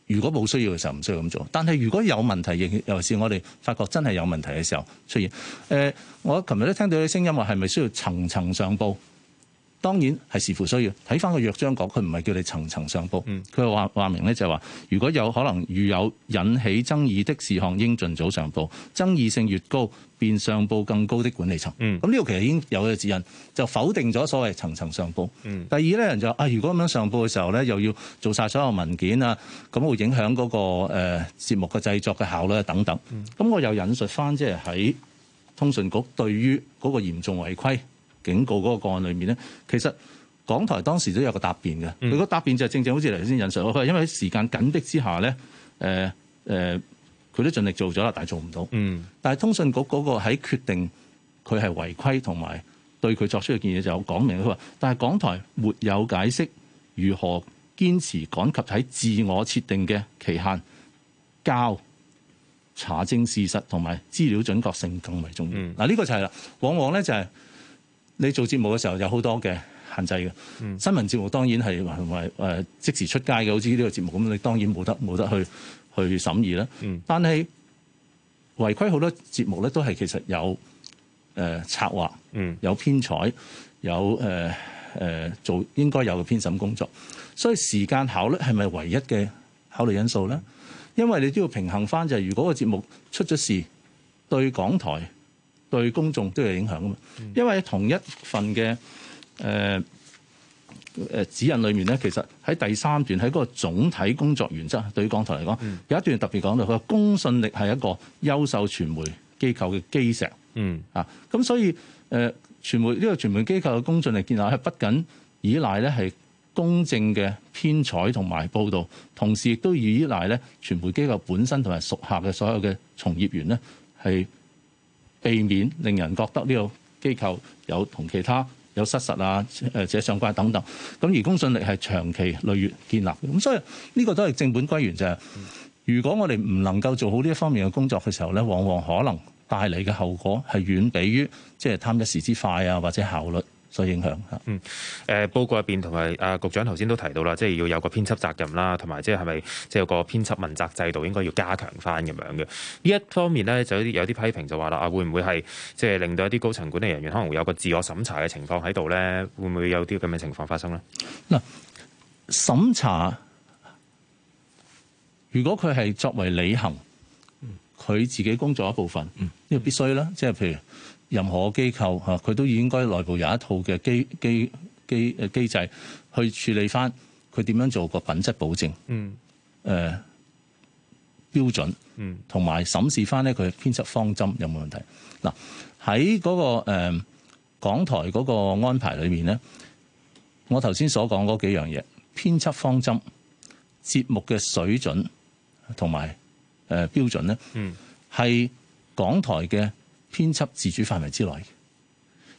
[SPEAKER 3] 如果冇需要嘅時候唔需要咁做，但係如果有問題，亦尤其是我哋發覺真係有問題嘅時候出現。誒、呃，我琴日都聽到啲聲音話係咪需要層層上報？當然係視乎需要，睇翻個約章講，佢唔係叫你層層上報，佢、嗯、話明咧就係話，如果有可能遇有引起爭議的事項，應儘早上報，爭議性越高，便上報更高的管理層。咁呢個其實已經有嘅指引，就否定咗所謂層層上報。嗯、第二咧，人就話啊，如果咁樣上報嘅時候咧，又要做晒所有文件啊，咁會影響嗰、那個誒、呃、節目嘅製作嘅效率等等。咁、嗯、我又引述翻，即係喺通訊局對於嗰個嚴重違規。警告嗰個個案裏面咧，其實港台當時都有個答辯嘅。佢、嗯、個答辯就正正好似頭先引述，佢話因為時間緊迫之下咧，誒、呃、誒，佢、呃、都盡力做咗啦，但係做唔到。嗯、但係通訊局嗰個喺決定佢係違規同埋對佢作出嘅建議就講明佢話，但係港台沒有解釋如何堅持趕及喺自我設定嘅期限，交查證事實同埋資料準確性更為重要。嗱、嗯、呢、這個就係、是、啦，往往咧就係、是。你做節目嘅時候有好多嘅限制嘅，新聞節目當然係同埋誒即時出街嘅，好似呢個節目咁，你當然冇得冇得去去審議啦。嗯、但係違規好多節目咧，都係其實有誒、呃、策劃，有編採，有誒誒、呃、做應該有嘅編審工作。所以時間考慮係咪唯一嘅考慮因素咧？因為你都要平衡翻，就係如果個節目出咗事，對港台。對公眾都有影響㗎嘛，因為同一份嘅誒誒指引裏面咧，其實喺第三段喺嗰個總體工作原則，對於港台嚟講，有一段特別講到佢話公信力係一個優秀傳媒機構嘅基石。嗯啊，咁所以誒、呃、傳媒呢、呢個傳媒機構嘅公信力建立，係不僅依賴咧係公正嘅編採同埋報導，同時亦都要依賴咧傳媒機構本身同埋屬下嘅所有嘅從業員咧係，避免令人覺得呢個機構有同其他有失實啊誒者相關等等，咁而公信力係長期累月建立嘅，咁所以呢個都係正本歸源，就係如果我哋唔能夠做好呢一方面嘅工作嘅時候咧，往往可能帶嚟嘅後果係遠比於即係貪一時之快啊或者效率。所影響
[SPEAKER 2] 嚇，嗯，誒、呃、報告入邊同埋啊局長頭先都提到啦，即係要有個編輯責任啦，同埋即係係咪即係有個編輯問責制度應該要加強翻咁樣嘅呢一方面咧，就有啲批評就話啦啊，會唔會係即係令到一啲高層管理人員可能會有個自我審查嘅情況喺度咧？會唔會有啲咁嘅情況發生咧？嗱，
[SPEAKER 3] 審查如果佢係作為履行佢自己工作一部分，嗯，呢個必須啦，即係譬如。任何機構嚇，佢都應該內部有一套嘅機，機，機，機制去處理翻佢點樣做個品質保證。嗯、mm. 呃，誒標準。嗯，同埋審視翻咧佢嘅編輯方針有冇問題？嗱喺嗰個、呃、港台嗰個安排裏面咧，我頭先所講嗰幾樣嘢編輯方針、節目嘅水準同埋誒標準咧，嗯，係港台嘅。編輯自主範圍之內，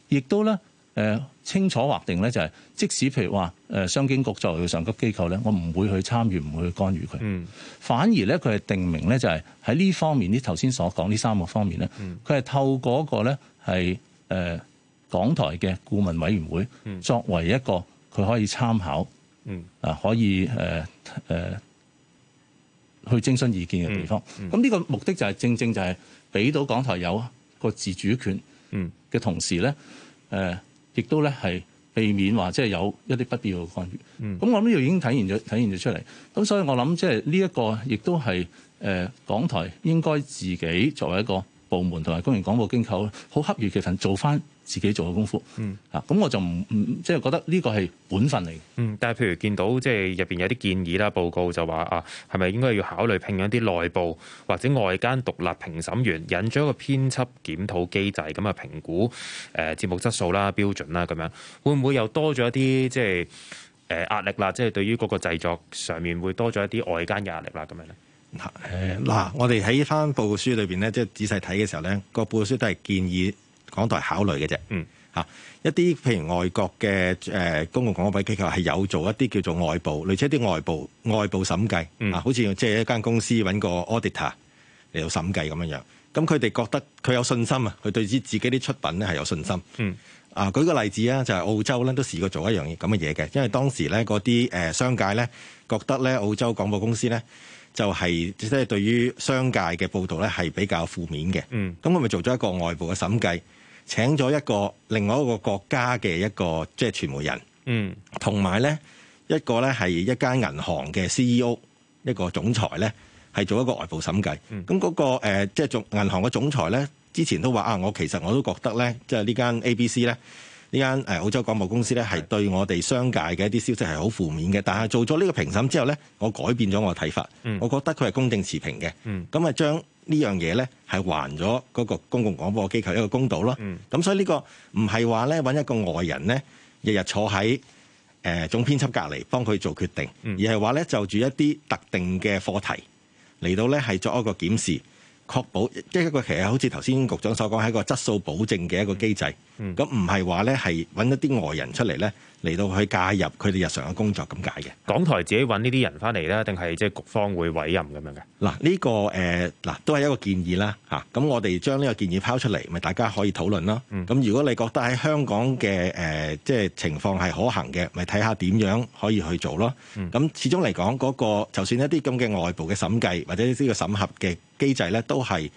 [SPEAKER 3] 亦都咧誒、呃、清楚劃定咧、就係，就係即使譬如話誒商經局作為上級機構咧，我唔會去參與，唔會去干預佢。嗯，反而咧佢係定名咧，就係喺呢方面，呢頭先所講呢三個方面咧，佢、嗯、係透過一個咧係誒港台嘅顧問委員會作為一個佢可以參考，嗯啊可以誒誒、呃呃、去徵詢意見嘅地方。咁、嗯、呢、嗯、個目的就係、係、正正就係俾到港台有。個自主權嘅同時咧，誒、嗯呃、亦都咧係避免話即係有一啲不必要嘅干預。咁、嗯、我諗亦已經體現咗體現咗出嚟。咁所以我諗即係呢一個亦都係誒、呃、港台應該自己作為一個部門同埋公營廣播機構，好恰如其分做翻自己做嘅功夫，嗯，啊，咁我就唔唔，即係覺得呢個係本分嚟嘅。嗯，但係譬如
[SPEAKER 2] 見到即係入邊有啲建議啦，報告就話啊，係咪應該要考慮聘請啲內部或者外間獨立評審員，引咗一個編輯檢討機制，咁啊評估誒節目質素啦、標準啦，咁樣會唔會又多咗一啲即係誒壓力啦？即係對於嗰個製作上面會多咗一啲外間嘅壓力啦，咁樣咧？
[SPEAKER 4] 誒嗱，我哋喺翻報告書裏邊咧，即係仔細睇嘅時候咧，個報告書都係建議。港台考慮嘅啫、嗯，一啲譬如外國嘅、呃、公共廣播機構係有做一啲叫做外部，類似一啲外部外部審計，嗯、啊，好似即係一間公司搵個 auditor 嚟到審計咁樣樣。咁佢哋覺得佢有信心啊，佢對於自己啲出品咧係有信心、嗯。啊，舉個例子咧，就係、是、澳洲咧都試過做一樣咁嘅嘢嘅，因為當時咧嗰啲商界咧覺得咧澳洲廣播公司咧就係即係對於商界嘅報導咧係比較負面嘅。咁佢咪做咗一個外部嘅審計。請咗一個另外一個國家嘅一個即係、就是、傳媒人，嗯，同埋咧一個咧係一間銀行嘅 CEO 一個總裁咧，係做一個外部審計。咁、嗯、嗰、嗰個即、呃就是、銀行嘅總裁咧，之前都話啊，我其實我都覺得咧，即、就、係、是、呢間 ABC 咧。呢間誒澳洲廣播公司咧，係對我哋商界嘅一啲消息係好負面嘅。但係做咗呢個評審之後咧，我改變咗我嘅睇法。我覺得佢係公正持平嘅。咁、嗯、啊，將呢樣嘢咧係還咗嗰個公共廣播機構一個公道咯。咁、嗯、所以呢個唔係話咧搵一個外人咧，日日坐喺誒總編輯隔離幫佢做決定，而係話咧就住一啲特定嘅課題嚟到咧係作一個檢視。確保即係一個其實好似頭先局長所講，係一個質素保證嘅一個機制。咁唔係話咧係揾一啲外人出嚟咧。嚟到去介入佢哋日常嘅工作咁解嘅。
[SPEAKER 2] 港台自己揾呢啲人翻嚟啦，定係即係局方會委任咁樣嘅？
[SPEAKER 4] 嗱，呢個誒嗱都係一個建議啦嚇。咁我哋將呢個建議拋出嚟，咪大家可以討論咯。咁如果你覺得喺香港嘅誒即係情況係可行嘅，咪睇下點樣可以去做咯。咁始終嚟講，嗰個就算一啲咁嘅外部嘅審計或者呢個審核嘅機制咧，都係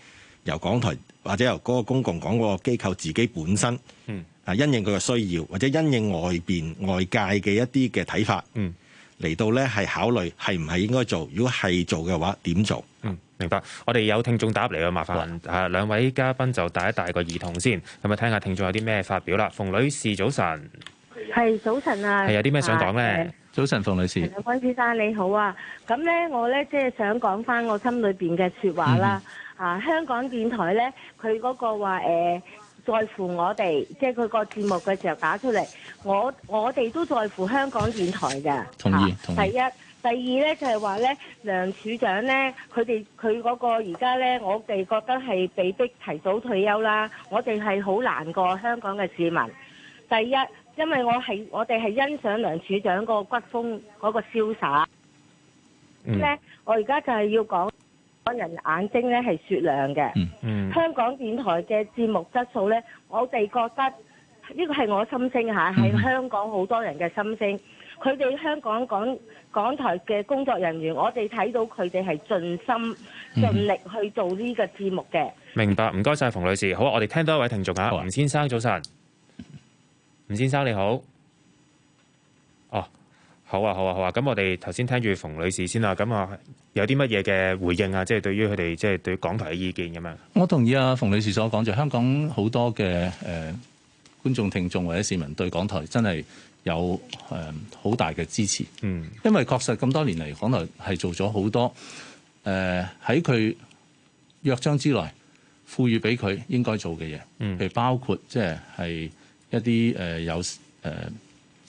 [SPEAKER 4] 由港台或者由嗰個公共港嗰個機構自己本身嗯。啊，因應佢嘅需要，或者因應外邊外界嘅一啲嘅睇法，嗯，嚟到咧係考慮係唔係應該做？如果係做嘅話，點做？嗯，明白。我哋
[SPEAKER 2] 有聽眾打入嚟嘅，麻煩啊，兩位嘉賓就戴一戴一個耳筒先，咁啊，聽下聽眾有啲咩發表啦。馮女士，早晨，
[SPEAKER 1] 係早晨啊，係有啲咩想講咧？
[SPEAKER 2] 早晨，馮
[SPEAKER 3] 女士，
[SPEAKER 1] 關先生你好啊。咁咧，我咧即係想講翻我心裏邊嘅説話啦。嗯嗯。啊，香港電台咧，佢嗰個話在乎我哋，即係佢個節目嘅時候打出嚟，我我哋都在乎香港電台嘅。同意，啊，同意。第一，第二咧就係話咧，梁處長咧，佢哋佢嗰個而家咧，我哋覺得係被逼提早退休啦。我哋係好難過香港嘅市民。第一，因為我係我哋係欣賞梁處長的骨，那個骨風嗰個瀟灑。嗯。
[SPEAKER 2] 咧，
[SPEAKER 1] 我而家就係要講。個人眼睛咧係雪亮嘅，香港電台嘅節目質素咧，我哋覺得呢個係我心聲嚇，係香港好多人嘅心聲。佢哋香港港港台嘅工作人員，我哋睇到佢哋係盡心盡力去做呢個節目嘅。
[SPEAKER 2] 明白，唔該曬馮女士。好啊，我哋聽到一位聽眾嚇，吳先生早晨。吳先生你好。哦。好啊，好啊，好啊！咁我哋頭先聽住馮女士先啦。咁啊，有啲乜嘢嘅回應啊？即係對於佢哋即係對港台嘅意見咁樣。
[SPEAKER 3] 我同意啊，馮女士所講就香港好多嘅誒、呃、觀眾、聽眾或者市民對港台真係有誒好大嘅支持。嗯。因為確實咁多年嚟，港台係做咗好多誒喺佢約章之內賦予俾佢應該做嘅嘢、嗯。譬如包括即係係一啲、呃、有誒。呃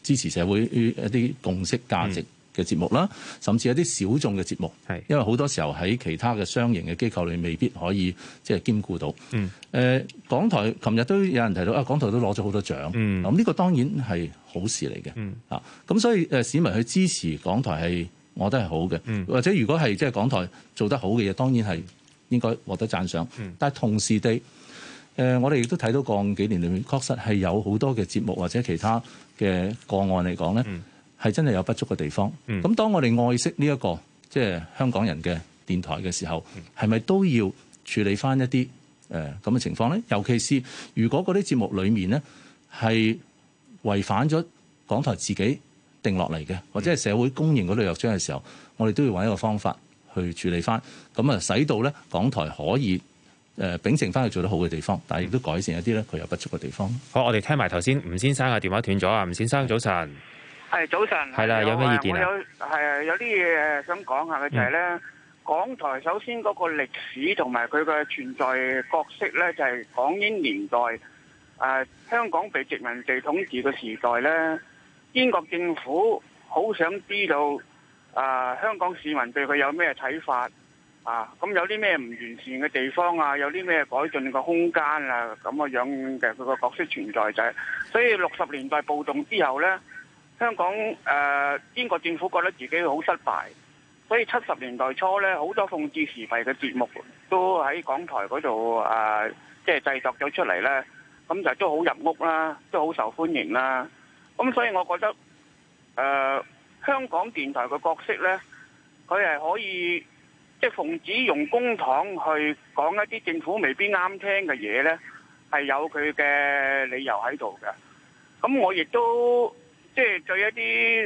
[SPEAKER 3] 支持社會一啲共識價值嘅節目啦、嗯，甚至一啲小眾嘅節目，因為好多時候喺其他嘅商營嘅機構裏未必可以即係兼顧到。誒、嗯呃，港台琴日都有人提到啊、呃，港台都攞咗好多獎。嗱、嗯、咁、這、呢個當然係好事嚟嘅、嗯、啊。咁所以誒、呃，市民去支持港台係我覺得係好嘅、嗯，或者如果係即係港台做得好嘅嘢，當然係應該獲得讚賞、嗯。但係同時地，誒、呃，我哋亦都睇到過幾年裏面確實係有好多嘅節目或者其他。嘅個案嚟講咧，係真係有不足嘅地方。咁當我哋愛惜呢一個即係香港人嘅電台嘅時候，係咪都要處理翻一啲誒咁嘅情況咧？尤其是如果嗰啲節目裏面咧係違反咗港台自己定落嚟嘅，或者係社會公認嗰類約章嘅時候，我哋都要揾一個方法去處理翻，咁啊，使到咧港台可以。誒秉承翻去做得好嘅地方，但係亦都改善一啲咧，佢有不足嘅地方。好，
[SPEAKER 2] 我哋聽埋頭先，吳先生嘅電話斷咗啊！吳先生早晨，
[SPEAKER 1] 係早晨，係啦，有咩意見呢？有，係啊，有啲嘢想講下嘅就係、是、咧、嗯，港台首先嗰個歷史同埋佢嘅存在角色咧，就係港英年代、呃、香港被殖民地統治嘅時代咧，英國政府好想知道啊、呃，香港市民對佢有咩睇法？啊！咁有啲咩唔完善嘅地方啊？有啲咩改進嘅空間啊？咁個樣嘅佢個角色存在就係、是，所以六十年代暴動之後咧，香港誒、呃、英國政府覺得自己好失敗，所以七十年代初咧好多諷刺時弊嘅節目都喺港台嗰度誒，即係製作咗出嚟咧，咁就都好入屋啦，都好受歡迎啦。咁所以我覺得誒、呃、香港電台嘅角色咧，佢係可以。即係奉旨用公帑去講一啲政府未必啱聽嘅嘢呢，係有佢嘅理由喺度嘅。咁我亦都即係對一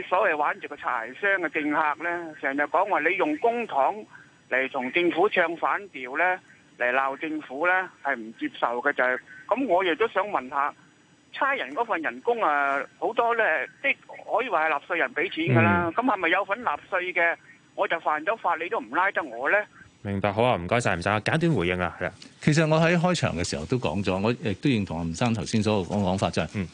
[SPEAKER 1] 啲所謂玩住個柴箱嘅政客呢，成日講話你用公帑嚟同政府唱反調呢，嚟鬧政府呢，係唔接受嘅就係、是。咁我亦都想問下差人嗰份人工啊，好多呢，即係可以話係納稅人俾錢噶啦。咁係咪有份納稅嘅？
[SPEAKER 3] 我就犯咗法，你都唔拉得我咧。明白好啊，唔該晒，唔使啊，簡短回應啊。其實我喺開場嘅時候都講咗，我亦都認同吳生頭先所講講法，就係，嗯，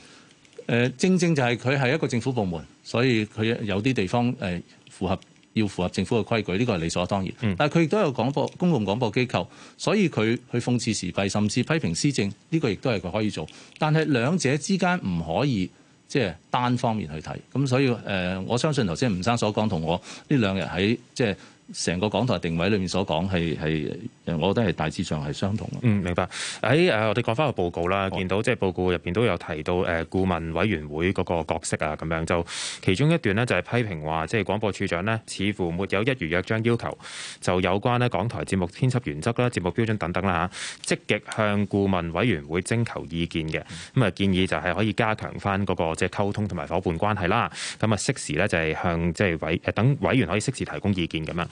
[SPEAKER 3] 誒，正正就係佢係一個政府部門，所以佢有啲地方誒符合要符合政府嘅規矩，呢個係理所當然。但係佢亦都有廣播公共廣播機構，所以佢去諷刺時弊，甚至批評施政，呢個亦都係佢可以做。但係兩者之間唔可以。即係單方面去睇，咁所以誒，我相信頭先吳生所講同我呢兩日喺即係成個港台定位裏面所講係係。我覺得係大致上係相同，嗯，明白。喺誒、呃，我哋講翻個報告啦、哦，見到即係報告入邊都有
[SPEAKER 2] 提到誒顧問委員會嗰個角色啊，咁樣就其中一段呢，就係批評話，即係廣播處長呢，似乎沒有一如約章要求，就有關呢港台節目編輯原則啦、節目標準等等啦嚇，積極向顧問委員會徵求意見嘅。咁、嗯、啊建議就係可以加強翻嗰個即係溝通同埋夥伴關係啦。咁啊適時呢，就係向即係委等委員可以適時提供意見咁樣。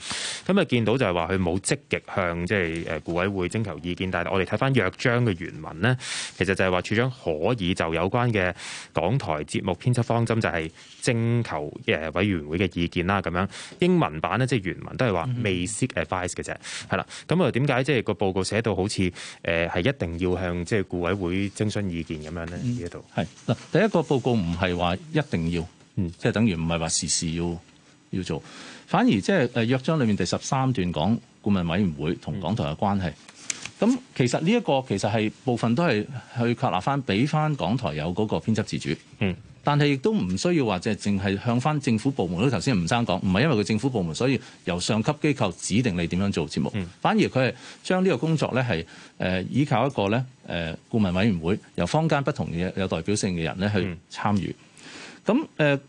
[SPEAKER 2] 咁啊見到就係話佢冇積極向即係。係誒，顧委會徵求意見，但係我哋睇翻約章嘅原文咧，其實就係話處長，可以就有關嘅港台節目編輯方針，就係徵求誒委員會嘅意見啦。咁樣英文版咧，即係原文都係話未 seek advice 嘅啫。係、嗯、啦，咁啊，點解即係個報告寫到好似誒係一定要向即係顧委會徵詢意見咁樣咧？呢一
[SPEAKER 3] 度係嗱，第一個報告唔係話一定要，即、嗯、係、就是、等於唔係話事事要要做，反而即係誒約章裏面第十三段講。顧問委員會同港台嘅關係，咁其實呢、這、一個其實係部分都係去確立翻，俾翻港台有嗰個編輯自主。嗯，但係亦都唔需要話就係淨係向翻政府部門。頭先吳生講，唔係因為佢政府部門，所以由上級機構指定你點樣做節目。嗯、反而佢係將呢個工作咧係誒依靠一個咧誒、呃、顧問委員會，由坊間不同嘅有代表性嘅人咧去參與。咁、嗯、誒。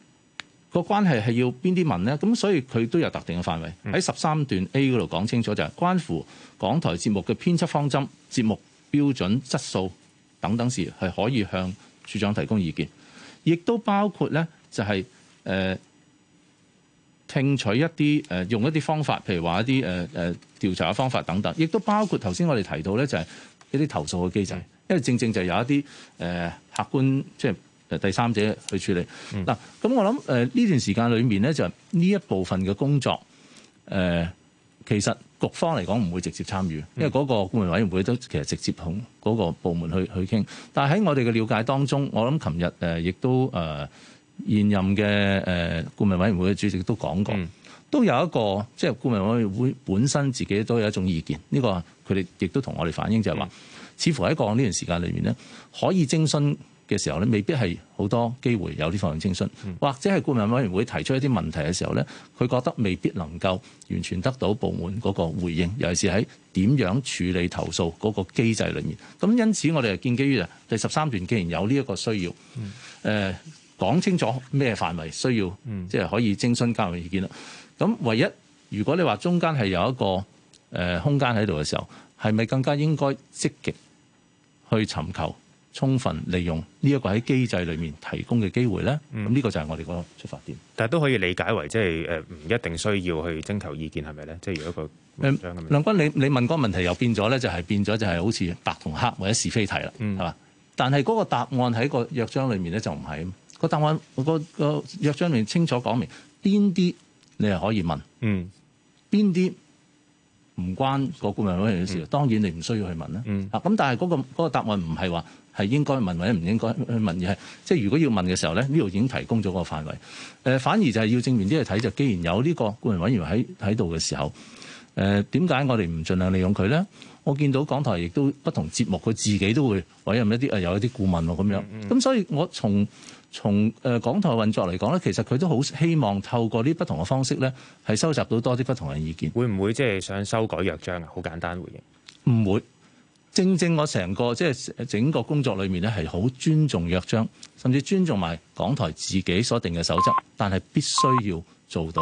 [SPEAKER 3] 個關係係要邊啲問咧？咁所以佢都有特定嘅範圍，喺十三段 A 嗰度講清楚，就係關乎港台節目嘅編輯方針、節目標準質素等等事，係可以向處長提供意見，亦都包括咧就係、是、誒、呃、聽取一啲誒、呃、用一啲方法，譬如話一啲誒誒調查嘅方法等等，亦都包括頭先我哋提到咧就係一啲投訴嘅機制，因為正正就有一啲誒、呃、客觀即係。第三者去處理嗱，咁、嗯、我諗誒呢段時間裏面咧，就係呢一部分嘅工作誒、呃，其實局方嚟講唔會直接參與、嗯，因為嗰個顧問委員會都其實直接同嗰個部門去去傾。但係喺我哋嘅了解當中，我諗琴日誒亦都誒現任嘅誒顧問委員會嘅主席都講過、嗯，都有一個即係顧問委員會本身自己都有一種意見。呢、這個佢哋亦都同我哋反映就係、是、話、嗯，似乎喺過往呢段時間裏面咧，可以徵詢。嘅時候咧，未必係好多機會有呢方面徵詢，或者係顧問委員會提出一啲問題嘅時候咧，佢覺得未必能夠完全得到部門嗰個回應，尤其是喺點樣處理投訴嗰個機制裏面。咁因此，我哋就建基於第十三段既然有呢一個需要，誒講清楚咩範圍需要，即係可以徵詢監察意見啦。咁唯一，如果你話中間係有一個誒空間喺度嘅時候，係咪更加應該積極去尋求？充分利用呢一個喺機制裏面提供嘅機會咧，咁、嗯、呢、呢個就係我哋個出發點。
[SPEAKER 2] 嗯、但係都可以理解為即係誒唔一定需要去徵求意見係咪咧？即係如果個、
[SPEAKER 3] 呃、梁君，你你問個問題又變咗咧，就係、是、變咗就係好似白同黑或者是非題啦，係、嗯、嘛？但係嗰個答案喺個約章裏面咧就唔係，嗰個答案、嗰個、嗰個約章裏面清楚講明邊啲你係可以問，邊啲唔關個顧問委員嘅事、嗯，當然你唔需要去問啦、嗯。啊，咁但係嗰、嗰個嗰、嗰個答案唔係話，係應該問或者唔應該問而係，即如果要問嘅時候咧，呢度已經提供咗個範圍。呃、反而就係要正面啲去睇，就既然有呢個顧問委員喺喺度嘅時候，誒點解我哋唔盡量利用佢咧？我見到港台亦都不同節目，佢自己都會委任一啲誒、有一啲顧問喎咁樣。咁、嗯嗯、所以我，我從港台運作嚟講咧，其實佢都好希望透過啲不同嘅方式咧，係收集到多啲不同嘅意見。會唔會即係想修改約章啊？好簡單回應，唔會。正正我成個即係整個工作裏面咧，係好尊重約章，甚至尊重埋港台自己所定嘅守則，但係必須要做到。